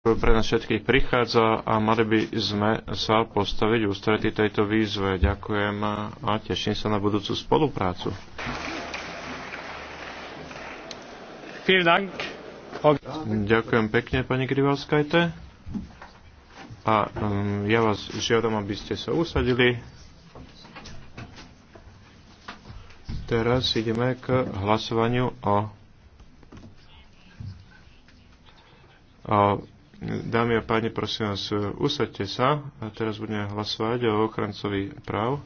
pre nás všetkých prichádza a mali by sme sa postaviť ústrety tejto výzve. Ďakujem a teším sa na budúcu spoluprácu. Ďakujem pekne, pani Grivalskajte. A um, ja vás žiadam, aby ste sa usadili. Teraz ideme k hlasovaniu o, o Dámy a páni, prosím vás, usaďte sa a teraz budeme hlasovať o ochrancovi práv.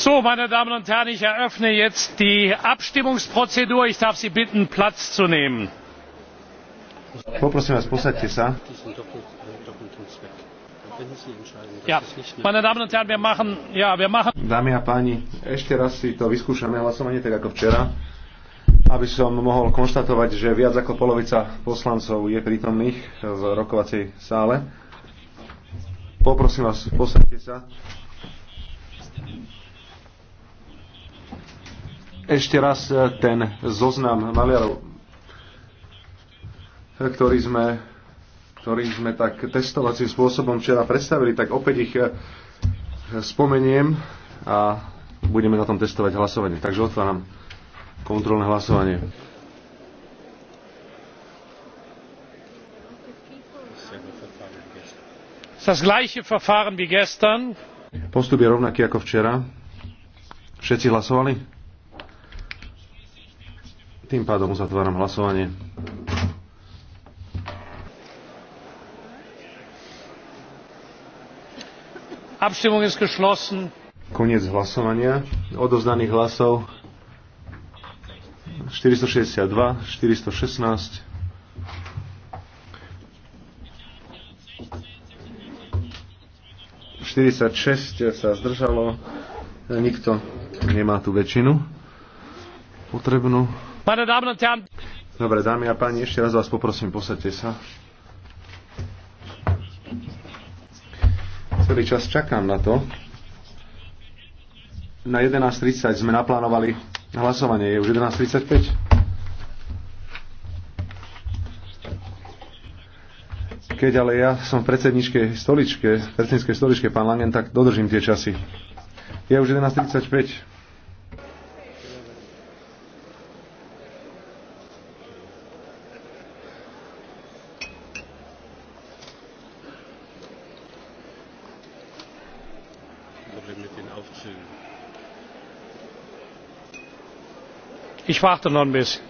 So, meine damen und herren ich eröffne jetzt die abstimmungsprozedur. ich darf sie bitten platz zu nehmen. meine Damen und Herren, wir machen, ja, wir machen... Dámy a páni, ešte raz si to vyskúšame hlasovanie tak ako včera, aby som mohol konštatovať, že viac ako polovica poslancov je prítomných v rokovacej sále. Poprosím vás, posaďte sa ešte raz e, ten zoznam maliarov, e, ktorý sme, ktorý sme tak testovacím spôsobom včera predstavili, tak opäť ich e, spomeniem a budeme na tom testovať hlasovanie. Takže otváram kontrolné hlasovanie. Das gleiche Verfahren wie gestern. Postup je rovnaký ako včera. Všetci hlasovali? Tým pádom uzatváram hlasovanie. Abstimmung ist geschlossen. Koniec hlasovania. Odovzdaných hlasov 462, 416. ...46 sa zdržalo, nikto nemá tú väčšinu potrebnú. Dobre, dámy a páni, ešte raz vás poprosím, posadte sa. Celý čas čakám na to. Na 11.30 sme naplánovali hlasovanie. Je už 11.35? Keď ale ja som v predsedničkej stoličke, predsedničkej stoličke, pán Langen, tak dodržím tie časy. Je už 11.35. ich warte noch ein bisschen.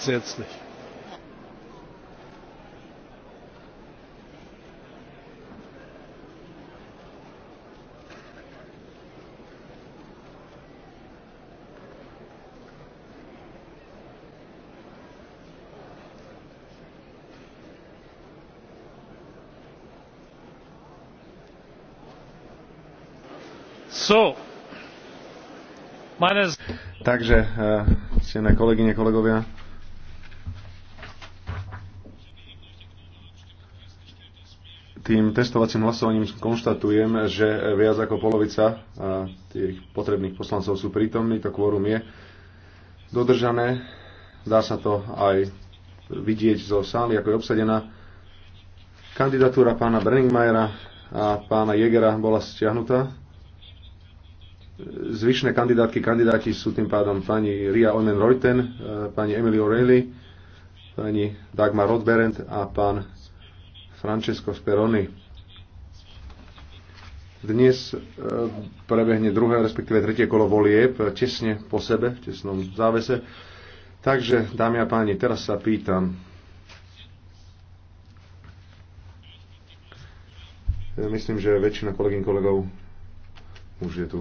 grundsätzlich. So. Takže, eh, ctené kolegyne, kolegovia, tým testovacím hlasovaním konštatujem, že viac ako polovica tých potrebných poslancov sú prítomní, to kvorum je dodržané. Dá sa to aj vidieť zo sály, ako je obsadená. Kandidatúra pána Brenningmajera a pána Jegera bola stiahnutá. Zvyšné kandidátky, kandidáti sú tým pádom pani Ria Onen Reuten, e, pani Emily O'Reilly, pani Dagmar Rodberend a pán Francesco Speroni. Dnes e, prebehne druhé, respektíve tretie kolo volieb, e, tesne po sebe, v tesnom závese. Takže, dámy a páni, teraz sa pýtam. E, myslím, že väčšina kolegyň kolegov už je tu.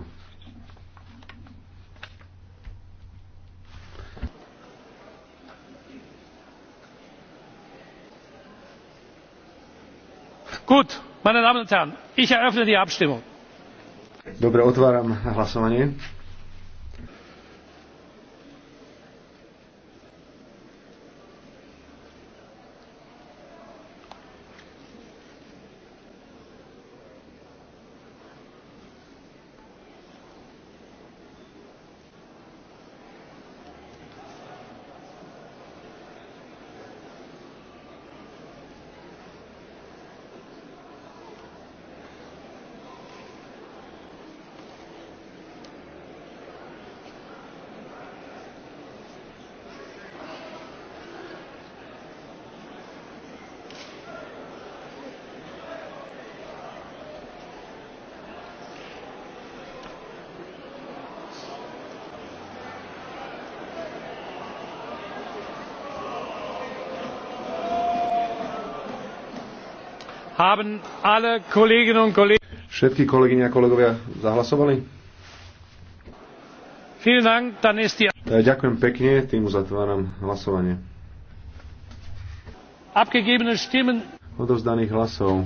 Gut, meine Damen und Herren, ich eröffne die Abstimmung. Dobre, otváram hlasovanie. haben alle Kolleginnen und Kollegen. Všetky kolegyne a kolegovia zahlasovali? Vielen Dank, dann ist die... E, ďakujem pekne, tým uzatváram hlasovanie. Abgegebene Stimmen. Odovzdaných hlasov.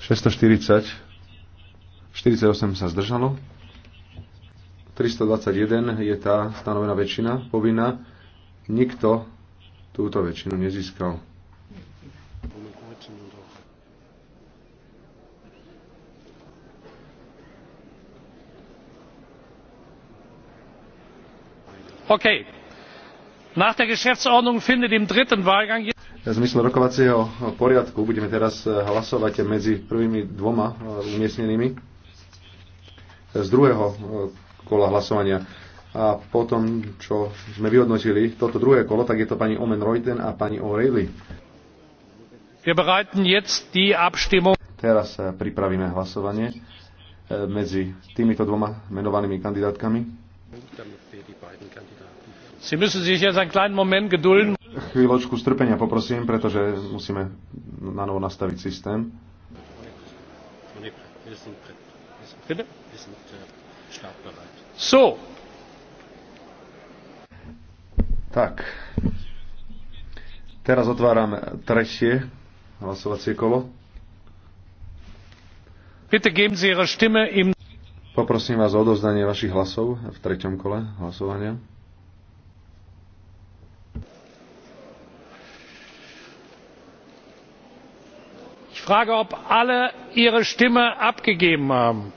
640. 48 sa zdržalo. 321 je tá stanovená väčšina povinná. Nikto túto väčšinu nezískal. Okay. nach der geschäftsordnung findet im dritten wahlgang v zmysle rokovacieho poriadku budeme teraz eh, hlasovať medzi prvými dvoma eh, umiestnenými z druhého eh, kola hlasovania. A potom, čo sme vyhodnotili toto druhé kolo, tak je to pani Omen Reuten a pani O'Reilly. Teraz eh, pripravíme hlasovanie eh, medzi týmito dvoma menovanými kandidátkami. Chvíľočku strpenia poprosím, pretože musíme na novo nastaviť systém. So. Tak. Teraz otváram tretie hlasovacie kolo. Poprosím vás o odovzdanie vašich hlasov v treťom kole hlasovania. frage, ob alle ihre Stimme abgegeben haben.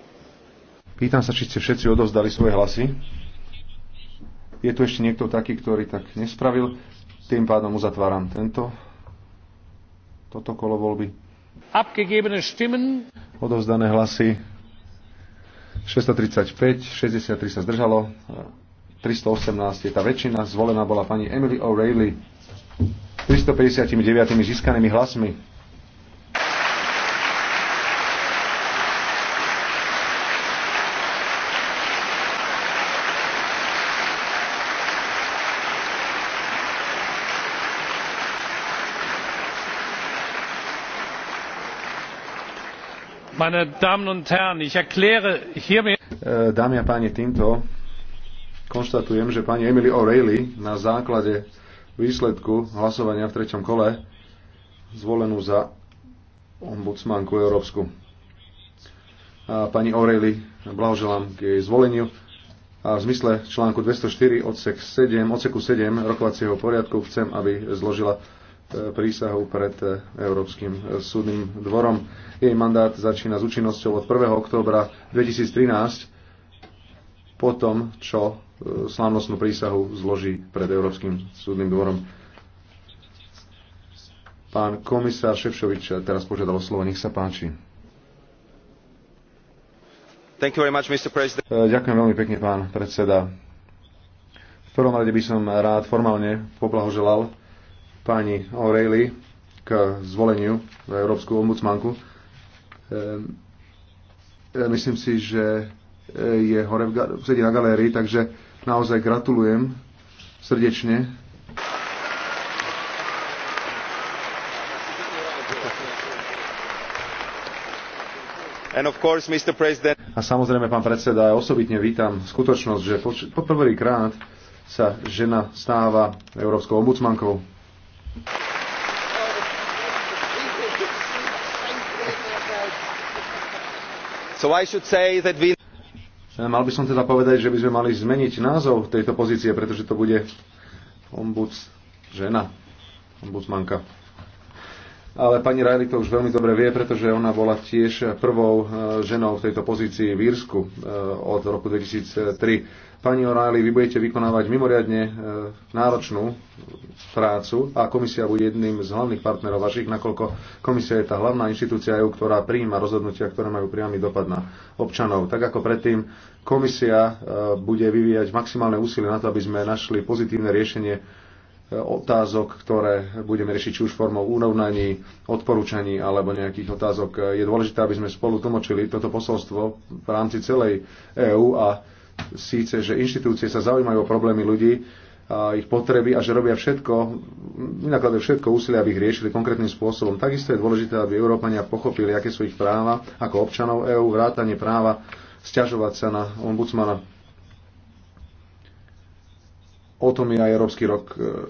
Pýtam sa, či ste všetci odovzdali svoje hlasy. Je tu ešte niekto taký, ktorý tak nespravil. Tým pádom uzatváram tento toto kolo voľby. Abgegebene Stimmen. Odovzdané hlasy 635, 63 sa zdržalo, 318 je tá väčšina, zvolená bola pani Emily O'Reilly 359 získanými hlasmi. meine Damen und Herren, ich erkläre hiermit... E, dámy a páni, týmto konštatujem, že pani Emily O'Reilly na základe výsledku hlasovania v treťom kole zvolenú za ombudsmanku európsku. A pani O'Reilly, blahoželám k jej zvoleniu. A v zmysle článku 204 odsek 7, odseku 7 rokovacieho poriadku chcem, aby zložila prísahu pred eh, Európskym eh, súdnym dvorom. Jej mandát začína s účinnosťou od 1. októbra 2013 po tom, čo eh, slávnostnú prísahu zloží pred Európskym súdnym dvorom. Pán komisár Ševšovič teraz požiadal slovo, nech sa páči. Much, Ďakujem veľmi pekne, pán predseda. V prvom rade by som rád formálne poblahoželal pani O'Reilly k zvoleniu na Európsku ombudsmanku. Ehm, ehm, myslím si, že eh, je hore v, sedí na galérii, takže naozaj gratulujem srdečne. And of course, Mr. President... A samozrejme, pán predseda, ja osobitne vítam skutočnosť, že po, po prvýkrát sa žena stáva európskou ombudsmankou. So I should say that we... Mal by som teda povedať, že by sme mali zmeniť názov tejto pozície, pretože to bude ombuds žena, ombudsmanka ale pani Riley to už veľmi dobre vie, pretože ona bola tiež prvou e, ženou v tejto pozícii v Írsku e, od roku 2003. Pani O'Reilly, vy budete vykonávať mimoriadne e, náročnú prácu a komisia bude jedným z hlavných partnerov vašich, nakoľko komisia je tá hlavná inštitúcia EU, ktorá prijíma rozhodnutia, ktoré majú priamy dopad na občanov. Tak ako predtým, komisia bude vyvíjať maximálne úsilie na to, aby sme našli pozitívne riešenie otázok, ktoré budeme riešiť či už formou úrovnaní, odporúčaní alebo nejakých otázok. Je dôležité, aby sme spolu tlmočili toto posolstvo v rámci celej EÚ a síce, že inštitúcie sa zaujímajú o problémy ľudí, a ich potreby a že robia všetko, vynakladajú všetko úsilie, aby ich riešili konkrétnym spôsobom. Takisto je dôležité, aby Európania pochopili, aké sú ich práva ako občanov EÚ, vrátanie práva sťažovať sa na ombudsmana potom je aj Európsky rok e,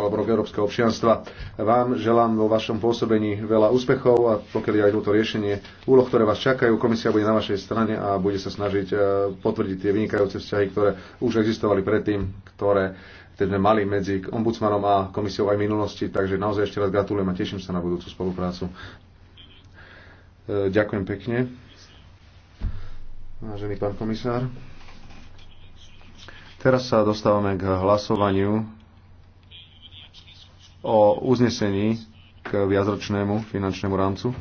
alebo rok európskeho občianstva. Vám želám vo vašom pôsobení veľa úspechov a pokiaľ aj toto riešenie úloh, ktoré vás čakajú, komisia bude na vašej strane a bude sa snažiť e, potvrdiť tie vynikajúce vzťahy, ktoré už existovali predtým, ktoré sme mali medzi ombudsmanom a komisiou aj v minulosti. Takže naozaj ešte raz gratulujem a teším sa na budúcu spoluprácu. E, ďakujem pekne. Vážený pán komisár. Teraz sa dostávame k hlasovaniu o uznesení k viacročnému finančnému rámcu.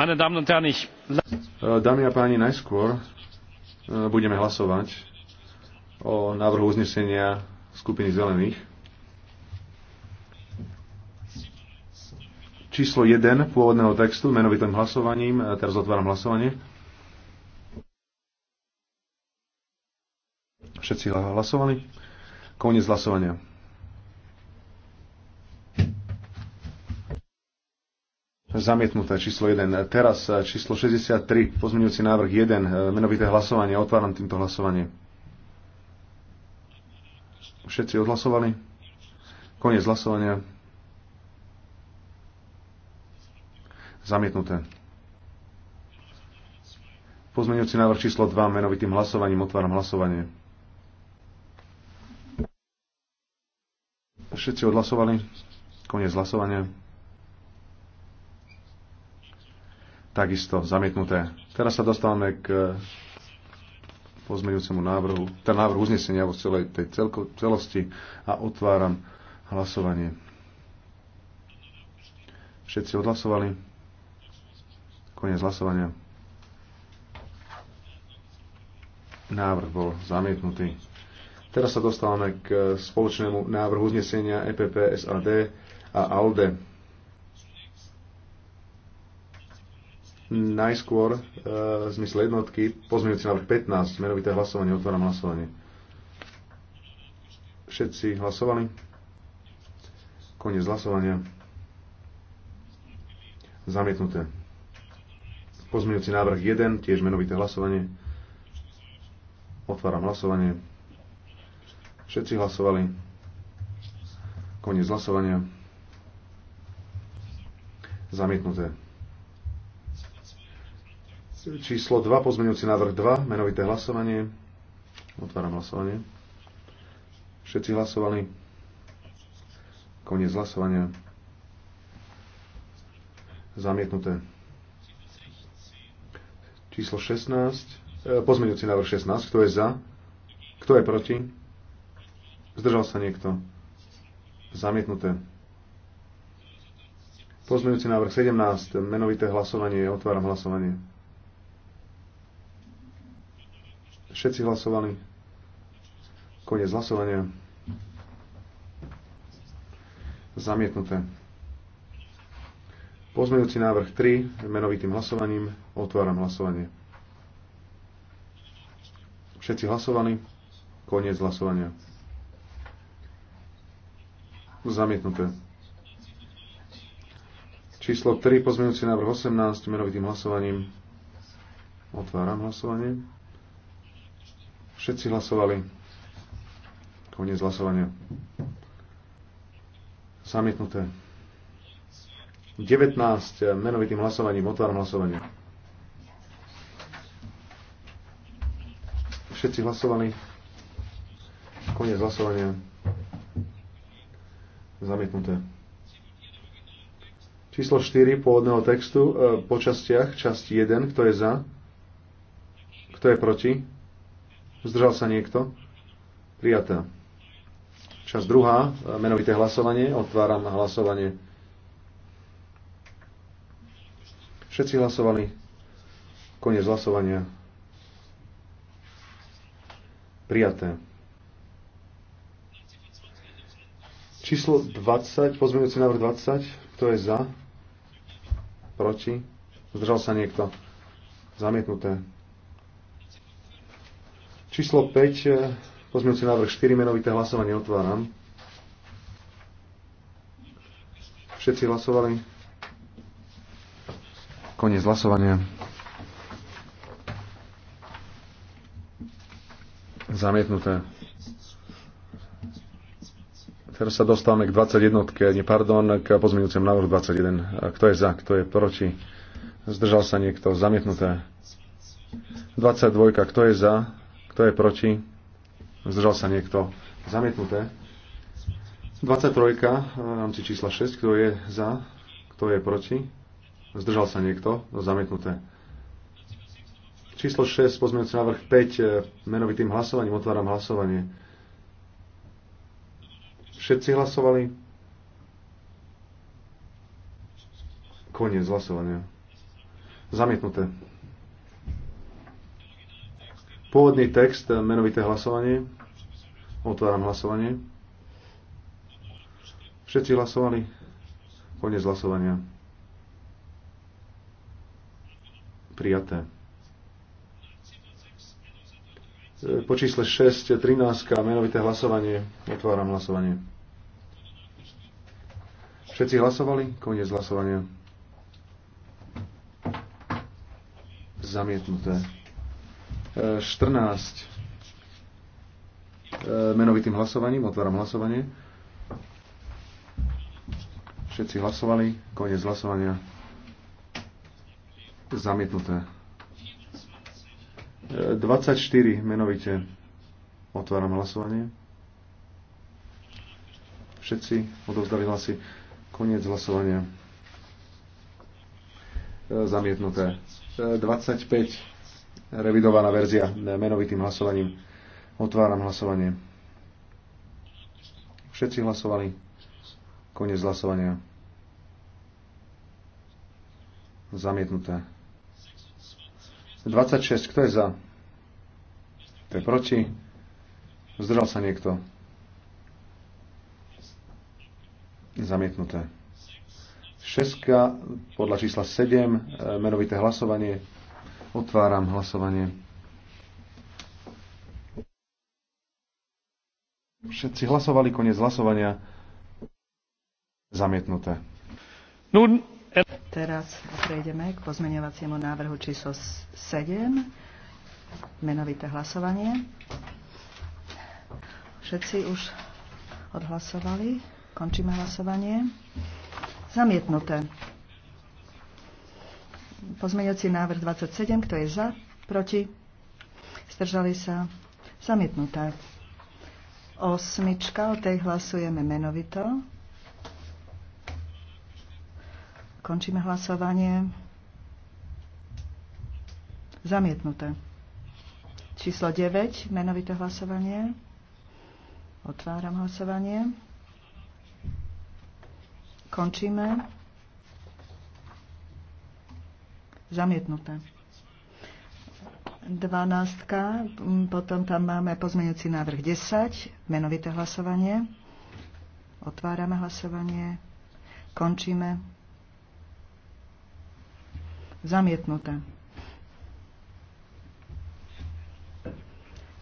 Eh, dámy a páni, najskôr eh, budeme hlasovať o návrhu uznesenia skupiny zelených. Číslo 1 pôvodného textu, menovitým hlasovaním. Eh, teraz otváram hlasovanie. Všetci hlasovali? Koniec hlasovania. Zamietnuté číslo 1. Teraz e, číslo 63, pozmeňujúci návrh 1, e, menovité hlasovanie. Otváram týmto hlasovanie. Všetci odhlasovali? Koniec hlasovania. Zamietnuté. Pozmeňujúci návrh číslo 2, menovitým hlasovaním. Otváram hlasovanie. Všetci odhlasovali? Koniec hlasovania. takisto zamietnuté. Teraz sa dostávame k pozmeňujúcemu návrhu, ten návrh uznesenia vo celej tej celko, celosti a otváram hlasovanie. Všetci odhlasovali. Koniec hlasovania. Návrh bol zamietnutý. Teraz sa dostávame k spoločnému návrhu uznesenia EPP, SAD a ALDE Najskôr e, v zmysle jednotky pozmeňujúci návrh 15, menovité hlasovanie, otváram hlasovanie. Všetci hlasovali? Koniec hlasovania. Zamietnuté. Pozmeňujúci návrh 1, tiež menovité hlasovanie. Otváram hlasovanie. Všetci hlasovali. Koniec hlasovania. Zamietnuté. Číslo 2, pozmeňujúci návrh 2, menovité hlasovanie. Otváram hlasovanie. Všetci hlasovali. Koniec hlasovania. Zamietnuté. Číslo 16, e, pozmeňujúci návrh 16, kto je za? Kto je proti? Zdržal sa niekto? Zamietnuté. Pozmeňujúci návrh 17, menovité hlasovanie, otváram hlasovanie. Všetci hlasovali. Koniec hlasovania. Zamietnuté. Pozmeňujúci návrh 3, menovitým hlasovaním, otváram hlasovanie. Všetci hlasovali. Koniec hlasovania. Zamietnuté. Číslo 3, pozmeňujúci návrh 18, menovitým hlasovaním. Otváram hlasovanie. Všetci hlasovali. Koniec hlasovania. Zamietnuté. 19 eh, menovitým hlasovaním. Otváram hlasovanie. Všetci hlasovali. Koniec hlasovania. Zamietnuté číslo 4 pôvodného textu eh, po častiach, časť 1, kto je za, kto je proti, Zdržal sa niekto? Prijatá. Čas druhá, e, menovité hlasovanie. Otváram hlasovanie. Všetci hlasovali. Koniec hlasovania. Prijaté. Číslo 20, pozmeňujúci návrh 20. Kto je za? Proti? Zdržal sa niekto? Zamietnuté. Číslo 5, e, pozmeňujúci návrh 4, menovité hlasovanie otváram. Všetci hlasovali. Koniec hlasovania. Zamietnuté. Teraz sa dostávame k 21, nie, pardon, k pozmeňujúcemu návrhu 21. Kto je za, kto je proti? Zdržal sa niekto? Zamietnuté. 22, kto je za? Kto je proti? Zdržal sa niekto. Zamietnuté. 23 v rámci čísla 6. Kto je za? Kto je proti? Zdržal sa niekto. Zamietnuté. Číslo 6, pozmeňujúci návrh 5, e, menovitým hlasovaním. Otváram hlasovanie. Všetci hlasovali? Koniec hlasovania. Zamietnuté. Pôvodný text, eh, menovité hlasovanie. Otváram hlasovanie. Všetci hlasovali. Konec hlasovania. Prijaté. Eh, po čísle 6, 13, menovité hlasovanie. Otváram hlasovanie. Všetci hlasovali? Koniec hlasovania. Zamietnuté. 14 e, menovitým hlasovaním. Otváram hlasovanie. Všetci hlasovali. Koniec hlasovania. Zamietnuté. 24 e, menovite. Otváram hlasovanie. Všetci odovzdali hlasy. Koniec hlasovania. E, zamietnuté. 25 revidovaná verzia menovitým hlasovaním. Otváram hlasovanie. Všetci hlasovali. Koniec hlasovania. Zamietnuté. 26. Kto je za? Kto je proti? Zdržal sa niekto? Zamietnuté. 6. Podľa čísla 7. E, menovité hlasovanie. Otváram hlasovanie. Všetci hlasovali, koniec hlasovania. Zamietnuté. Teraz prejdeme k pozmeňovaciemu návrhu číslo 7. Menovité hlasovanie. Všetci už odhlasovali. Končíme hlasovanie. Zamietnuté. Pozmeňujúci návrh 27, kto je za, proti, zdržali sa, Zamietnutá. Osmička, o tej hlasujeme menovito. Končíme hlasovanie. Zamietnuté. Číslo 9, menovité hlasovanie. Otváram hlasovanie. Končíme. Zamietnuté. 12. Potom tam máme pozmeňujúci návrh 10, menovité hlasovanie. Otvárame hlasovanie. Končíme. Zamietnuté.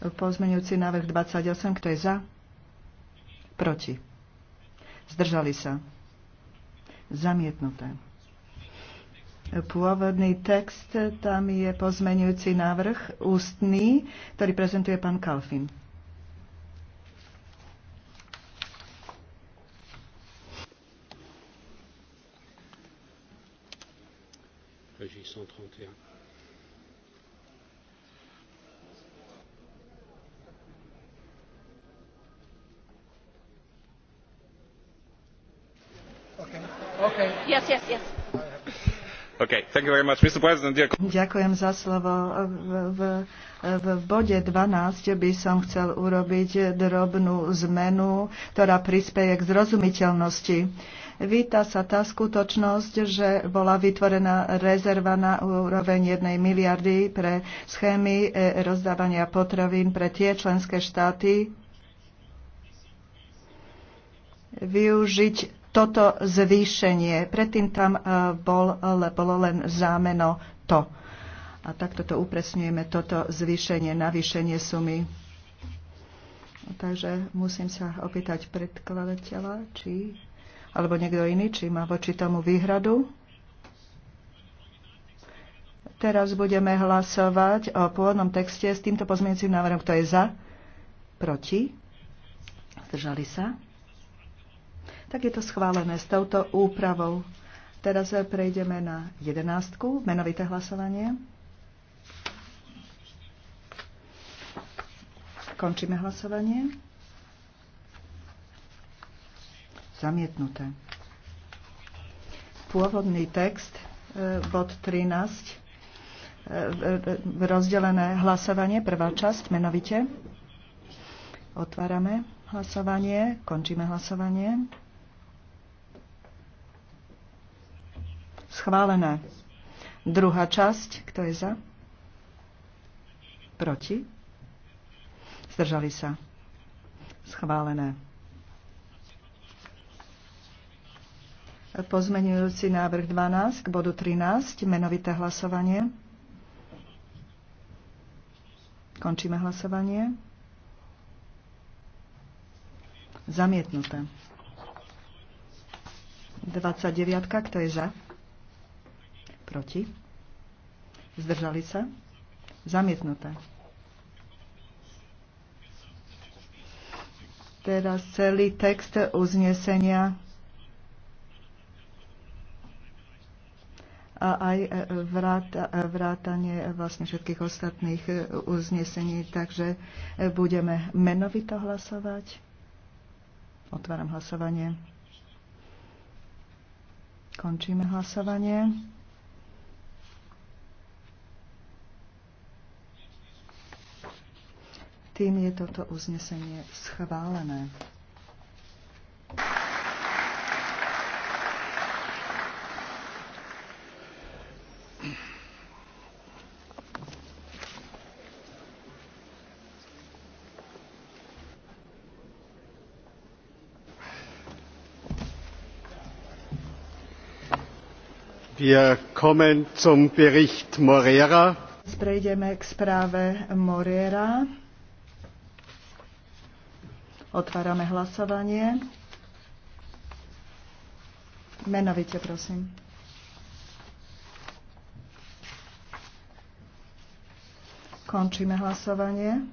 Pozmeňujúci návrh 28, kto je za? Proti. Zdržali sa. Zamietnuté pôvodný text, tam je pozmenujúci návrh ústný, ktorý prezentuje pán Kalfin. Régis 131. Ďakujem za slovo. V, v, v bode 12 by som chcel urobiť drobnú zmenu, ktorá prispieje k zrozumiteľnosti. Víta sa tá skutočnosť, že bola vytvorená rezerva na úroveň 1 miliardy pre schémy e, rozdávania potravín pre tie členské štáty využiť toto zvýšenie. Predtým tam e, bol, bolo len zámeno to. A takto to upresňujeme, toto zvýšenie, navýšenie sumy. Takže musím sa opýtať predkladateľa, či, alebo niekto iný, či má voči tomu výhradu. Teraz budeme hlasovať o pôvodnom texte s týmto pozmeňujúcim návrhom. Kto je za? Proti? Zdržali sa? tak je to schválené s touto úpravou. Teraz prejdeme na jedenástku, menovité hlasovanie. Končíme hlasovanie. Zamietnuté. Pôvodný text, e, bod 13, e, e, rozdelené hlasovanie, prvá časť menovite. Otvárame hlasovanie, končíme hlasovanie. Schválené. Druhá časť. Kto je za? Proti? Zdržali sa. Schválené. Pozmenujúci návrh 12 k bodu 13, menovité hlasovanie. Končíme hlasovanie. Zamietnuté. 29. Kto je za? Proti? Zdržali sa? Zamietnuté. Teraz celý text uznesenia a aj vrátanie vlastne všetkých ostatných uznesení. Takže budeme menovito hlasovať. Otváram hlasovanie. Končíme hlasovanie. Tým je toto uznesenie schválené. Wir kommen zum Bericht Morera. Sprejdeme k správe Morera. Otvárame hlasovanie. Menovite, prosím. Končíme hlasovanie.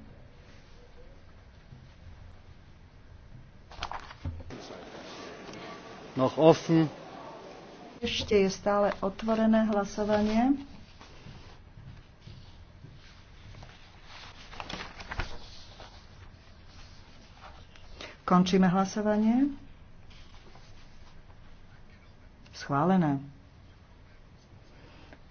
Noch offen. Ešte je stále otvorené hlasovanie. Končíme hlasovanie. Schválené.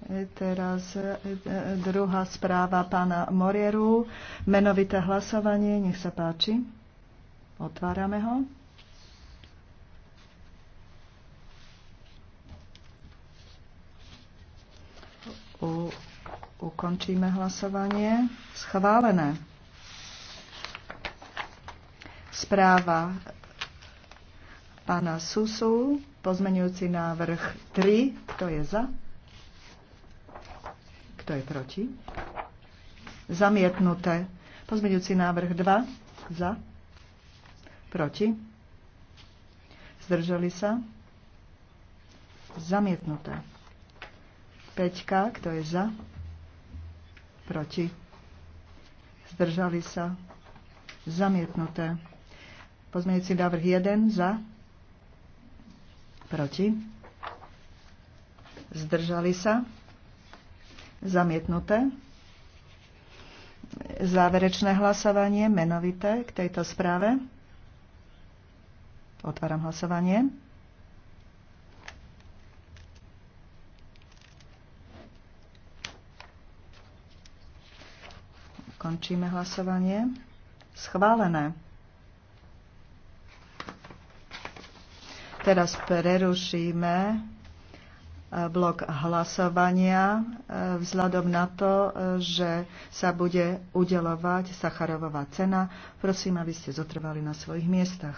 E, teraz e, e, druhá správa pána Morieru. Menovité hlasovanie, nech sa páči. Otvárame ho. U, ukončíme hlasovanie. Schválené správa pána Susu, pozmenujúci návrh 3. Kto je za? Kto je proti? Zamietnuté. Pozmenujúci návrh 2. Za? Proti? Zdržali sa? Zamietnuté. Peťka, kto je za? Proti. Zdržali sa? Zamietnuté. Pozmeňujúci návrh 1 za. Proti. Zdržali sa. Zamietnuté. Záverečné hlasovanie, menovité k tejto správe. Otváram hlasovanie. Končíme hlasovanie. Schválené. Teraz prerušíme e, blok hlasovania e, vzhľadom na to, e, že sa bude udelovať Sacharovová cena. Prosím, aby ste zotrvali na svojich miestach.